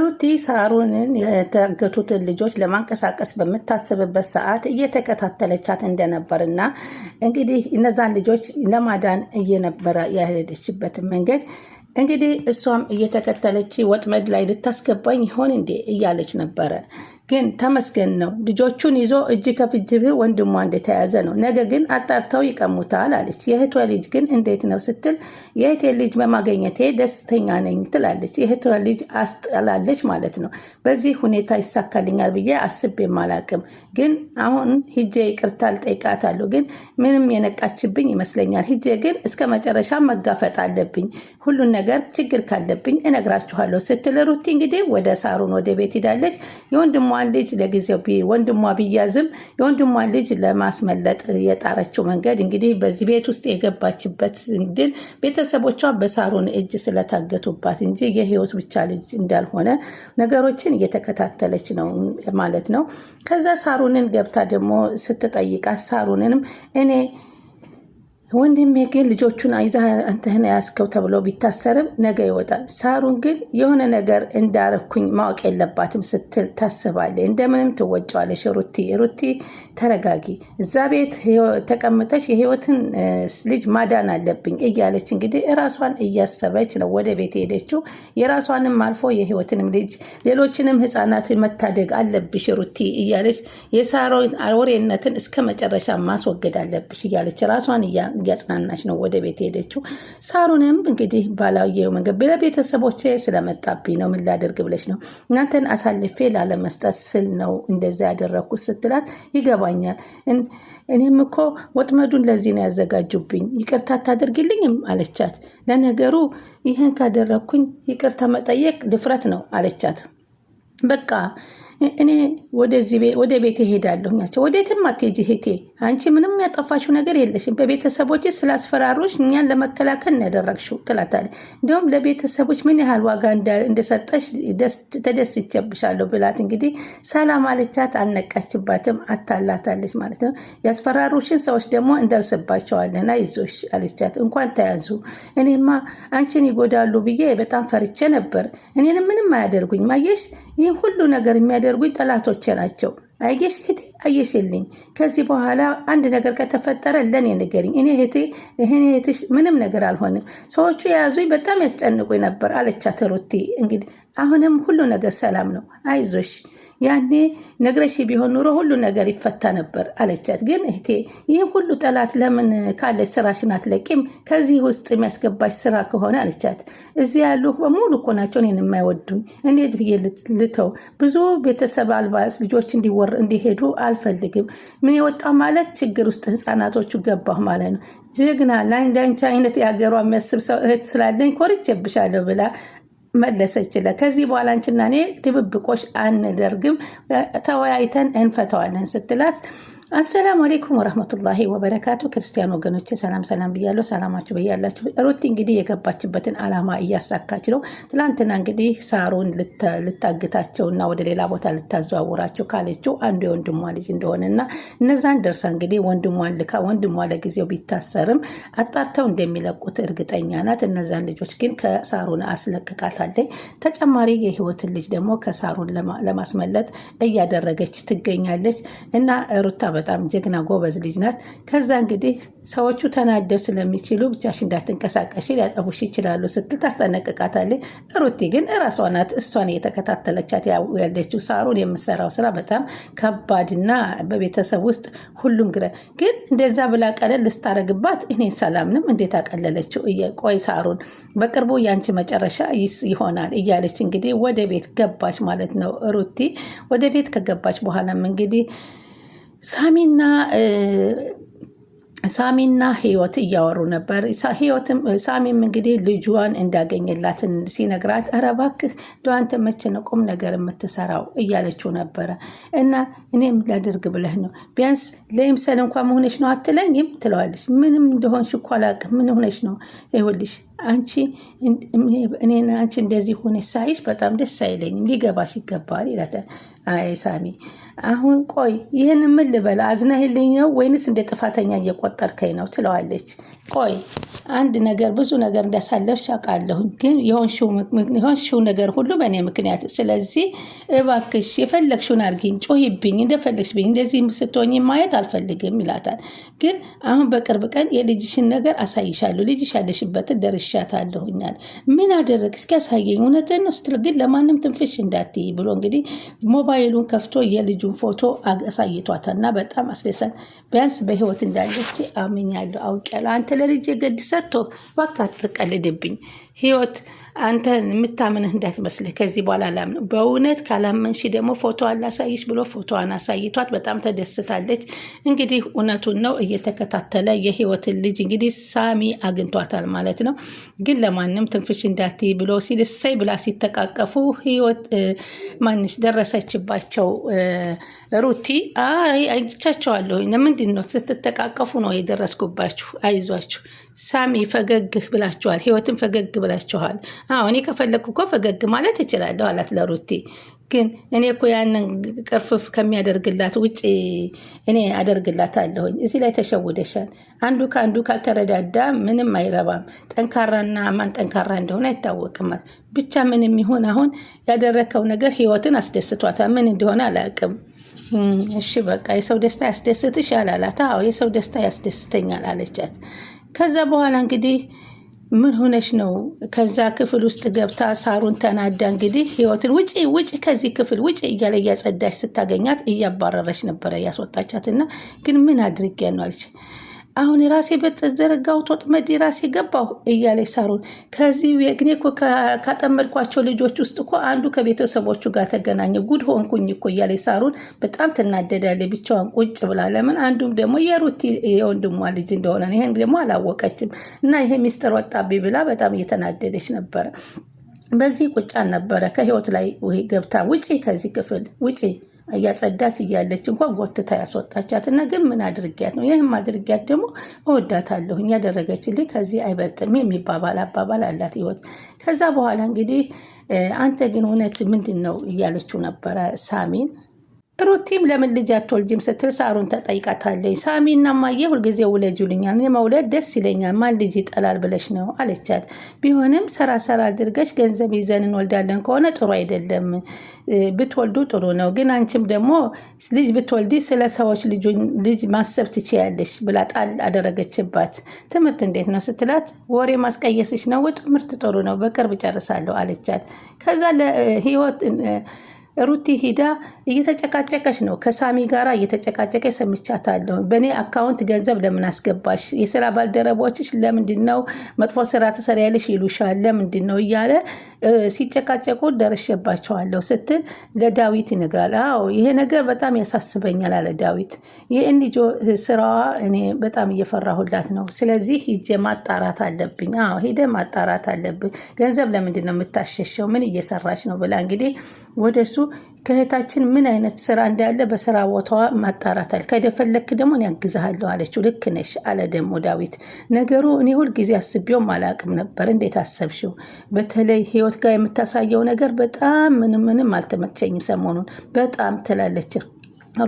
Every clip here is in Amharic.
ሩቲ ሳሩንን የታገቱትን ልጆች ለማንቀሳቀስ በምታስብበት ሰዓት እየተከታተለቻት እንደነበርና እንግዲህ እነዛን ልጆች ለማዳን እየነበረ ያሄደችበትን መንገድ እንግዲህ እሷም እየተከተለች ወጥመድ ላይ ልታስገባኝ ይሆን እንዴ እያለች ነበረ። ግን ተመስገን ነው። ልጆቹን ይዞ እጅ ከፍጅብ ወንድሟ እንደተያዘ ነው። ነገ ግን አጣርተው ይቀሙታል አለች። የእህቷ ልጅ ግን እንዴት ነው ስትል የእህቴ ልጅ በማገኘቴ ደስተኛ ነኝ ትላለች። የእህቷ ልጅ አስጠላለች ማለት ነው። በዚህ ሁኔታ ይሳካልኛል ብዬ አስቤም አላቅም። ግን አሁን ሂጄ ይቅርታል ልጠይቃታለሁ። ግን ምንም የነቃችብኝ ይመስለኛል። ሂጄ ግን እስከ መጨረሻ መጋፈጥ አለብኝ። ሁሉን ነገር ችግር ካለብኝ እነግራችኋለሁ ስትል ሩቲ እንግዲህ ወደ ሳሩን ወደ ቤት ሂዳለች። የወንድሟ ልጅ ለጊዜው ወንድሟ ቢያዝም የወንድሟን ልጅ ለማስመለጥ የጣረችው መንገድ እንግዲህ በዚህ ቤት ውስጥ የገባችበት ድል ቤተሰቦቿ በሳሩን እጅ ስለታገቱባት እንጂ የህይወት ብቻ ልጅ እንዳልሆነ ነገሮችን እየተከታተለች ነው ማለት ነው። ከዛ ሳሩንን ገብታ ደግሞ ስትጠይቃት ሳሩንንም እኔ ወንድሜ ግን ልጆቹን አይዛ አንተህን ያስከው ተብሎ ቢታሰርም ነገ ይወጣል። ሳሩን ግን የሆነ ነገር እንዳረኩኝ ማወቅ የለባትም ስትል ታስባለች። እንደምንም ትወጫዋለች። ሩቲ ሩቲ ተረጋጊ፣ እዛ ቤት ተቀምጠች የህይወትን ልጅ ማዳን አለብኝ እያለች እንግዲህ እራሷን እያሰበች ነው ወደ ቤት ሄደችው። የራሷንም አልፎ የህይወትንም ልጅ ሌሎችንም ህፃናትን መታደግ አለብሽ ሩቲ እያለች የሳሮን ወሬነትን እስከ መጨረሻ ማስወገድ አለብሽ እያለች ራሷን እያጽናናች ነው ወደ ቤት ሄደችው። ሳሩንም እንግዲህ ባላየው መንገድ ለቤተሰቦቼ ስለመጣብኝ ነው ምን ላደርግ ብለች ነው እናንተን አሳልፌ ላለመስጠት ስል ነው እንደዚ ያደረግኩት ስትላት ይገባኛል። እኔም እኮ ወጥመዱን ለዚህ ነው ያዘጋጁብኝ፣ ይቅርታ አታደርግልኝም አለቻት። ለነገሩ ይህን ካደረግኩኝ ይቅርታ መጠየቅ ድፍረት ነው አለቻት። በቃ እኔ ወደዚህ ወደ ቤት እሄዳለሁ ያቸው። ወዴትም አትሄጂ እህቴ፣ አንቺ ምንም ያጠፋሽው ነገር የለሽም። በቤተሰቦች ስላስፈራሩሽ እኛን ለመከላከል ያደረግሽው ትላታለች። እንዲሁም ለቤተሰቦች ምን ያህል ዋጋ እንደሰጠሽ ተደስቼብሻለሁ ብላት እንግዲህ ሰላም አለቻት። አልነቃችባትም፣ አታላታለች ማለት ነው። ያስፈራሩሽን ሰዎች ደግሞ እንደርስባቸዋለን፣ አይዞሽ አለቻት። እንኳን ተያዙ፣ እኔማ አንቺን ይጎዳሉ ብዬ በጣም ፈርቼ ነበር። እኔንም ምንም አያደርጉኝ ማየሽ፣ ይህ ሁሉ ነገር የሚያደ የሚያደርጉኝ ጠላቶቼ ናቸው። አየሽ እህቴ አየሽልኝ። ከዚህ በኋላ አንድ ነገር ከተፈጠረ ለኔ ንገሪኝ። እኔ እህቴ ይህን እህትሽ ምንም ነገር አልሆንም። ሰዎቹ የያዙኝ በጣም ያስጨንቁኝ ነበር አለቻት ሩቲ። እንግዲህ አሁንም ሁሉ ነገር ሰላም ነው፣ አይዞሽ ያኔ ነግረሽ ቢሆን ኑሮ ሁሉ ነገር ይፈታ ነበር አለቻት። ግን እህቴ ይህ ሁሉ ጠላት ለምን ካለች ስራሽን አትለቂም? ከዚህ ውስጥ የሚያስገባሽ ስራ ከሆነ አለቻት። እዚህ ያሉ በሙሉ እኮ ናቸው እኔን የማይወዱኝ፣ እንዴት ብዬ ልተው? ብዙ ቤተሰብ አልባስ ልጆች እንዲወር እንዲሄዱ አልፈልግም። ምን የወጣ ማለት ችግር ውስጥ ህፃናቶቹ ገባሁ ማለት ነው። ጀግና እንዳንቺ አይነት የሀገሯ የሚያስብ ሰው እህት ስላለኝ ኮርቼብሻለሁ ብላ መለሰችለት። ከዚህ በኋላ አንቺና እኔ ድብብቆሽ አንደርግም፣ ተወያይተን እንፈተዋለን ስትላት አሰላሙ አሌይኩም ወረህመቱላሂ ወበረካቱ። ክርስቲያን ወገኖች ሰላም ሰላም ብያለሁ። ሰላማችሁ ብያላችሁ። ሩቲ እንግዲህ የገባችበትን አላማ እያሳካች ነው። ትላንትና እንግዲህ ሳሮን እና ወደ ሌላ ቦታ ልታዘዋውራቸው ካለችው አንዱ የወንድሟ ልጅ እንደሆነ እና እነዛን ደርሳ እንግዲህ ወንድሟን ልካ ወንድሟ ለጊዜው ቢታሰርም አጣርተው እንደሚለቁት እርግጠኛ ናት። እነዛን ልጆች ግን ከሳሮን አስለቅቃታለች። ተጨማሪ የህይወትን ልጅ ደግሞ ከሳሮን ለማስመለጥ እያደረገች ትገኛለች እና ሩታ በጣም ጀግና ጎበዝ ልጅ ናት። ከዛ እንግዲህ ሰዎቹ ተናደው ስለሚችሉ ብቻሽ እንዳትንቀሳቀሽ ሊያጠፉሽ ይችላሉ ስትል ታስጠነቅቃታለች። ሩቲ ግን እራሷ ናት እሷን እየተከታተለቻት ያለችው። ሳሩን የምሰራው ስራ በጣም ከባድና በቤተሰብ ውስጥ ሁሉም ግረ ግን እንደዛ ብላ ቀለል ልስታረግባት እኔን ሰላምንም እንዴት አቀለለችው። ቆይ ሳሩን በቅርቡ ያንቺ መጨረሻ ይሆናል እያለች እንግዲህ ወደ ቤት ገባች ማለት ነው። ሩቲ ወደ ቤት ከገባች በኋላም እንግዲህ ሳሚና ሳሚና ህይወት እያወሩ ነበር። ሳሚም እንግዲህ ልጇን እንዳገኘላትን ሲነግራት ኧረ እባክህ እንደው አንተ መቼ ነው ቁም ነገር የምትሰራው እያለችው ነበረ። እና እኔም ላደርግ ብለህ ነው ቢያንስ ለይምሰል እንኳ መሆነች ነው አትለኝም? ትለዋለች። ምንም እንደሆንሽ እኮ አላውቅም። ምን ሆነች ነው ይኸውልሽ አንቺ እኔን አንቺ እንደዚህ ሆነሽ ሳይሽ በጣም ደስ አይለኝም፣ ሊገባሽ ይገባል ይላታል። አይ ሳሚ፣ አሁን ቆይ ይህን ምን ልበል? አዝነህልኝ ነው ወይንስ እንደ ጥፋተኛ እየቆጠርከኝ ነው ትለዋለች። ቆይ አንድ ነገር ብዙ ነገር እንዳሳለፍሽ አውቃለሁ፣ ግን የሆንሽው ነገር ሁሉ በእኔ ምክንያት። ስለዚህ እባክሽ የፈለግሽውን አድርጊኝ፣ ጮይብኝ፣ እንደፈለግሽ ብኝ፣ እንደዚህ ስትሆኝ ማየት አልፈልግም ይላታል። ግን አሁን በቅርብ ቀን የልጅሽን ነገር አሳይሻለሁ፣ ልጅሽ ያለሽበትን ደርሽ አስደፍርሻታለሁኛል ምን አደረግ እስኪ ያሳየኝ እውነትህን ነው ስትለው ግን ለማንም ትንፍሽ እንዳትይ ብሎ እንግዲህ ሞባይሉን ከፍቶ የልጁን ፎቶ አሳይቷታል እና በጣም አስደሳት ቢያንስ በህይወት እንዳለች አምኛለሁ አውቄያለሁ አንተ ለልጅ የገድ ሰጥቶ እባክህ አትቀልድብኝ ህይወት አንተ የምታምንህ እንዳትመስልህ ከዚህ በኋላ ላምን በእውነት ካላመንሽ ደግሞ ፎቶ አላሳይሽ ብሎ ፎቶዋን አሳይቷት በጣም ተደስታለች። እንግዲህ እውነቱን ነው እየተከታተለ የህይወትን ልጅ እንግዲህ ሳሚ አግኝቷታል ማለት ነው። ግን ለማንም ትንፍሽ እንዳት ብሎ ሲል እሰይ ብላ ሲተቃቀፉ ህይወት ማንሽ ደረሰችባቸው። ሩቲ አይቻቸዋለሁ፣ ምንድን ነው ስትተቃቀፉ ነው የደረስኩባችሁ፣ አይዟችሁ ሳሚ ፈገግ ብላችኋል፣ ህይወትን ፈገግ ብላችኋል። አዎ እኔ ከፈለግኩ እኮ ፈገግ ማለት እችላለሁ አላት ለሩቲ። ግን እኔ እኮ ያንን ቅርፍፍ ከሚያደርግላት ውጭ እኔ አደርግላት አለሁኝ። እዚህ ላይ ተሸውደሻል። አንዱ ከአንዱ ካልተረዳዳ ምንም አይረባም። ጠንካራና ማን ጠንካራ እንደሆነ አይታወቅም። ብቻ ምንም ይሁን አሁን ያደረከው ነገር ህይወትን አስደስቷታል። ምን እንደሆነ አላውቅም። እሺ በቃ የሰው ደስታ ያስደስትሽ አዎ የሰው ደስታ ያስደስተኛል አለቻት። ከዛ በኋላ እንግዲህ ምን ሆነሽ ነው? ከዛ ክፍል ውስጥ ገብታ ሳሩን ተናዳ እንግዲህ ህይወትን ውጪ ውጪ ከዚህ ክፍል ውጪ እያለ እያጸዳች ስታገኛት እያባረረች ነበረ ያስወጣቻት እና ግን ምን አድርጌ ነው አለች አሁን የራሴ በተዘረጋው ወጥመድ የራሴ ገባሁ እያለች ሳሩን ከዚህ እኔ እኮ ካጠመድኳቸው ልጆች ውስጥ እኮ አንዱ ከቤተሰቦቹ ጋር ተገናኘ፣ ጉድ ሆንኩኝ እኮ እያለች ሳሩን በጣም ትናደዳለች። ብቻዋን ቁጭ ብላ ለምን አንዱም ደግሞ የሩቲ የወንድሟ ልጅ እንደሆነ ይህን ደግሞ አላወቀችም እና ይሄ ሚስጥር ወጣብኝ ብላ በጣም እየተናደደች ነበረ። በዚህ ቁጫን ነበረ ከህይወት ላይ ገብታ ውጪ፣ ከዚህ ክፍል ውጪ እያጸዳች እያለች እንኳን ጎትታ ያስወጣቻት። እና ግን ምን አድርጊያት ነው? ይህም አድርጊያት ደግሞ እወዳታለሁኝ ያደረገችልኝ ከዚህ አይበልጥም የሚባባል አባባል አላት ህይወት። ከዛ በኋላ እንግዲህ አንተ ግን እውነት ምንድን ነው እያለችው ነበረ ሳሚን ሩቲም ለምን ልጅ አትወልጂም ስትል ሳሩን ተጠይቃታለኝ። ሳሚ እና ማየ ሁልጊዜ ውለጁልኛል፣ መውለድ ደስ ይለኛል፣ ማን ልጅ ይጠላል ብለሽ ነው አለቻት። ቢሆንም ሰራ ሰራ አድርገሽ ገንዘብ ይዘን እንወልዳለን ከሆነ ጥሩ አይደለም፣ ብትወልዱ ጥሩ ነው። ግን አንቺም ደግሞ ልጅ ብትወልዲ ስለ ሰዎች ልጅ ማሰብ ትችያለሽ ብላ ጣል አደረገችባት። ትምህርት እንዴት ነው ስትላት፣ ወሬ ማስቀየስሽ ነው፣ ትምህርት ጥሩ ነው፣ በቅርብ ጨርሳለሁ አለቻት። ከዛ ለህይወት ሩቲ ሂዳ እየተጨቃጨቀች ነው ከሳሚ ጋራ እየተጨቃጨቀ ሰምቻታለሁ። በእኔ አካውንት ገንዘብ ለምን አስገባሽ? የስራ ባልደረቦችሽ ለምንድን ነው መጥፎ ስራ ትሰሪያለሽ ይሉሻል ለምንድን ነው እያለ ሲጨቃጨቁ ደረሸባቸዋለሁ ስትል ለዳዊት ይነግራል። አዎ ይሄ ነገር በጣም ያሳስበኛል አለ ዳዊት። ይህን ልጆ ስራዋ እኔ በጣም እየፈራሁላት ነው። ስለዚህ ሂጄ ማጣራት አለብኝ። አዎ ሂደ ማጣራት አለብኝ። ገንዘብ ለምንድን ነው የምታሸሸው? ምን እየሰራች ነው ብላ እንግዲህ ወደ እሱ ከእህታችን ምን አይነት ስራ እንዳለ በስራ ቦታዋ ማጣራታል። ከደፈለክ ደግሞ እኔ አግዝሃለሁ አለችው። ልክ ነሽ አለ ደግሞ ዳዊት። ነገሩ እኔ ሁልጊዜ አስቤውም አላቅም ነበር። እንዴት አሰብሽው? በተለይ ህይወት ጋር የምታሳየው ነገር በጣም ምንም ምንም አልተመቸኝም ሰሞኑን በጣም ትላለች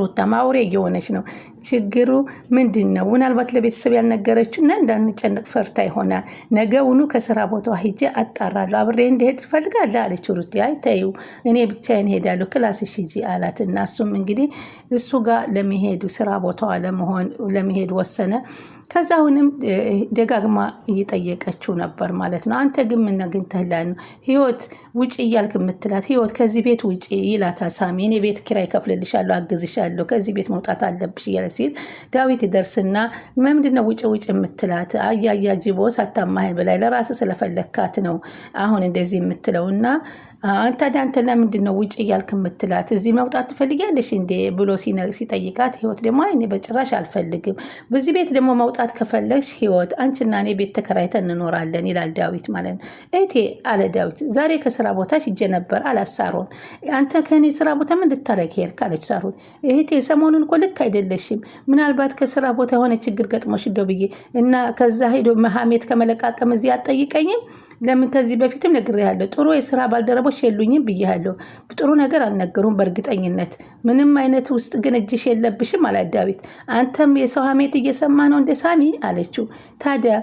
ሩታም አውሬ እየሆነች ነው። ችግሩ ምንድን ነው? ምናልባት ለቤተሰብ ያልነገረችው እና እንዳንጨንቅ ፈርታ ይሆናል። ነገ ውኑ ከስራ ቦታ ሂጄ አጣራለሁ። አብሬ እንደሄድ ትፈልጋለህ አለች ሩት። አይ ተይው፣ እኔ ብቻዬን እሄዳለሁ፣ ክላስሽ ሂጂ አላት እና እሱም እንግዲህ እሱ ጋር ለመሄድ ስራ ቦታዋ ለመሆን ለመሄድ ወሰነ። ከዛ አሁንም ደጋግማ እየጠየቀችው ነበር ማለት ነው። አንተ ግን ምን አግኝተህላት ነው ህይወት ውጪ እያልክ የምትላት? ህይወት ከዚህ ቤት ውጪ ይላታ ሳሚ። እኔ ቤት ኪራይ ከፍልልሻለሁ፣ አግዝሽ አግኝቼሻለሁ ከዚህ ቤት መውጣት አለብሽ እያለ ሲል ዳዊት ይደርስና ምንድነው ውጭ ውጭ የምትላት አያያ ጅቦ ሳታማህ ብላይ ለራስ ስለፈለካት ነው አሁን እንደዚህ የምትለውና ታዲያ አንተ ለምንድን ነው ውጭ እያልክ የምትላት? እዚህ መውጣት ትፈልጊያለሽ እንዴ ብሎ ሲጠይቃት፣ ህይወት ደግሞ አይኔ በጭራሽ አልፈልግም፣ በዚህ ቤት ደግሞ መውጣት ከፈለግሽ ህይወት አንቺና እኔ ቤት ተከራይተን እንኖራለን ይላል ዳዊት ማለት ነው። እቴ አለ ዳዊት፣ ዛሬ ከስራ ቦታ ሂጄ ነበር አላት ሳሮን። አንተ ከእኔ ስራ ቦታ ምን ልታረግ ሄድክ? አለች ሳሮን። እህቴ ሰሞኑን እኮ ልክ አይደለሽም፣ ምናልባት ከስራ ቦታ የሆነ ችግር ገጥሞሽ ሂዶ ብዬ እና ከዛ ሂዶ መሀሜት ከመለቃቀም እዚህ አትጠይቀኝም። ለምን ከዚህ በፊትም ነግሬሃለሁ፣ ጥሩ የስራ ባልደረቦች ስራዎች የሉኝም ብያለሁ። ጥሩ ነገር አልነገሩም በእርግጠኝነት ምንም አይነት ውስጥ ግን እጅሽ የለብሽም አላት ዳዊት። አንተም የሰው ሀሜት እየሰማ ነው እንደ ሳሚ አለችው። ታዲያ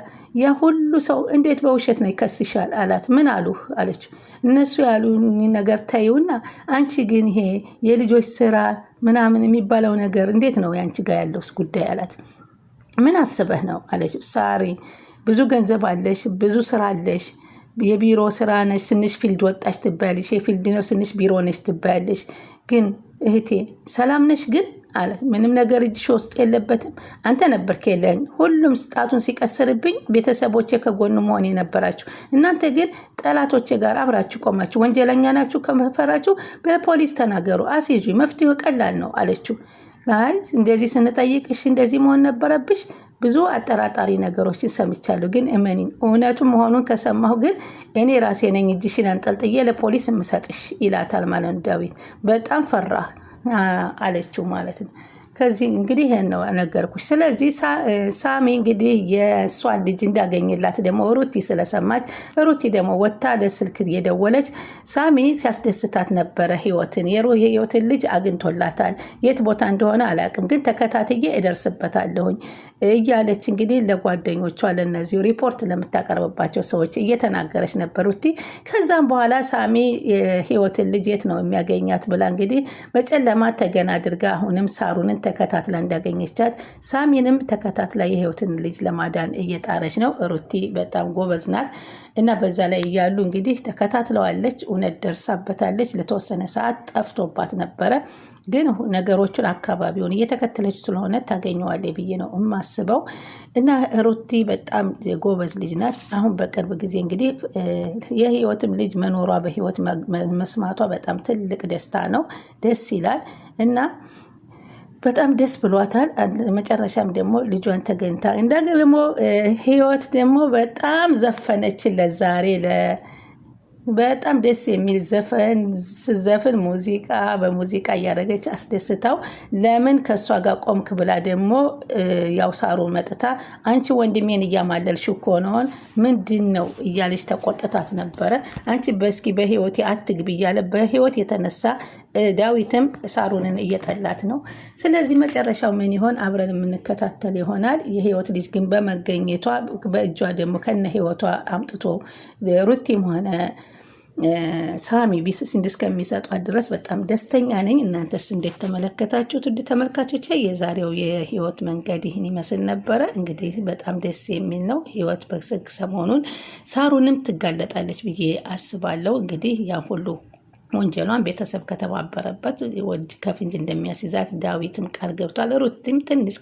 ያ ሁሉ ሰው እንዴት በውሸት ነው ይከስሻል? አላት። ምን አሉ? አለችው። እነሱ ያሉኝ ነገር ተይውና አንቺ ግን ይሄ የልጆች ስራ ምናምን የሚባለው ነገር እንዴት ነው የአንቺ ጋር ያለው ጉዳይ? አላት። ምን አስበህ ነው አለችው። ሳሪ ብዙ ገንዘብ አለሽ፣ ብዙ ስራ አለሽ የቢሮ ስራ ነች ስንሽ ፊልድ ወጣሽ ትባያለሽ፣ የፊልድ ነው ስንሽ ቢሮ ነች ትባያለሽ። ግን እህቴ ሰላም ነሽ ግን አላት። ምንም ነገር እጅሽ ውስጥ የለበትም። አንተ ነበር ከለኝ ሁሉም ስጣቱን ሲቀስርብኝ ቤተሰቦቼ ከጎኑ መሆን የነበራችሁ እናንተ ግን ጠላቶቼ ጋር አብራችሁ ቆማችሁ። ወንጀለኛ ናችሁ ከፈራችሁ በፖሊስ ተናገሩ፣ አስይዙ። መፍትሄው ቀላል ነው አለችው። እንደዚህ ስንጠይቅሽ እንደዚህ መሆን ነበረብሽ ብዙ አጠራጣሪ ነገሮችን ሰምቻለሁ። ግን እመኒ እውነቱ መሆኑን ከሰማሁ ግን እኔ ራሴ ነኝ እጅሽን አንጠልጥዬ ለፖሊስ የምሰጥሽ ይላታል ማለት ነው። ዳዊት በጣም ፈራህ አለችው ማለት ነው። ከዚህ እንግዲህ ነው ነገርኩሽ። ስለዚህ ሳሚ እንግዲህ የእሷን ልጅ እንዳገኝላት ደግሞ ሩቲ ስለሰማች ሩቲ ደግሞ ወታ ለስልክ እየደወለች ሳሚ ሲያስደስታት ነበረ ህይወትን የህይወትን ልጅ አግኝቶላታል። የት ቦታ እንደሆነ አላውቅም፣ ግን ተከታትዬ እደርስበታለሁኝ እያለች እንግዲህ ለጓደኞቿ ለነዚሁ ሪፖርት ለምታቀርብባቸው ሰዎች እየተናገረች ነበር ሩቲ። ከዛም በኋላ ሳሚ የህይወትን ልጅ የት ነው የሚያገኛት ብላ እንግዲህ በጨለማ ተገና አድርጋ አሁንም ሳሩንን ተከታትላ እንዳገኘቻት ሳሚንም ተከታትላ የህይወትን ልጅ ለማዳን እየጣረች ነው። ሩቲ በጣም ጎበዝ ናት እና በዛ ላይ እያሉ እንግዲህ ተከታትለዋለች። እውነት ደርሳበታለች። ለተወሰነ ሰዓት ጠፍቶባት ነበረ፣ ግን ነገሮቹን አካባቢውን እየተከተለች ስለሆነ ታገኘዋለች ብዬ ነው የማስበው። እና ሩቲ በጣም ጎበዝ ልጅ ናት። አሁን በቅርብ ጊዜ እንግዲህ የህይወትም ልጅ መኖሯ በህይወት መስማቷ በጣም ትልቅ ደስታ ነው። ደስ ይላል እና በጣም ደስ ብሏታል። መጨረሻም ደግሞ ልጇን ተገኝታ እንዳ ደግሞ ህይወት ደግሞ በጣም ዘፈነችን ለዛሬ በጣም ደስ የሚል ዘፈን ስዘፍን ሙዚቃ በሙዚቃ እያደረገች አስደስታው፣ ለምን ከእሷ ጋር ቆምክ ብላ ደግሞ ያው ሳሩ መጥታ አንቺ ወንድሜን እያማለልሽ እኮ ነውን ምንድን ነው እያለች ተቆጥታት ነበረ። አንቺ በእስኪ በህይወቴ አትግቢ እያለ በህይወት የተነሳ ዳዊትም ሳሩንን እየጠላት ነው። ስለዚህ መጨረሻው ምን ይሆን አብረን የምንከታተል ይሆናል። የህይወት ልጅ ግን በመገኘቷ በእጇ ደግሞ ከነ ህይወቷ አምጥቶ ሩቲም ሆነ ሳሚ ቢስሲንድ እስከሚሰጧት ድረስ በጣም ደስተኛ ነኝ። እናንተስ እንዴት ተመለከታችሁት? ውድ ተመልካቾች የዛሬው የህይወት መንገድ ይህን ይመስል ነበረ። እንግዲህ በጣም ደስ የሚል ነው። ህይወት በስግ ሰሞኑን ሳሩንም ትጋለጣለች ብዬ አስባለሁ። እንግዲህ ያ ሁሉ ወንጀሏን ቤተሰብ ከተባበረበት ወጅ ከፍንጅ እንደሚያስይዛት ዳዊትም ቃል ገብቷል። ሩትም ትንሽ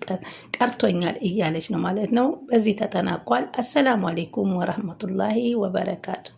ቀርቶኛል እያለች ነው ማለት ነው። በዚህ ተጠናቋል። አሰላሙ አሌይኩም ወረህመቱላሂ ወበረካቱ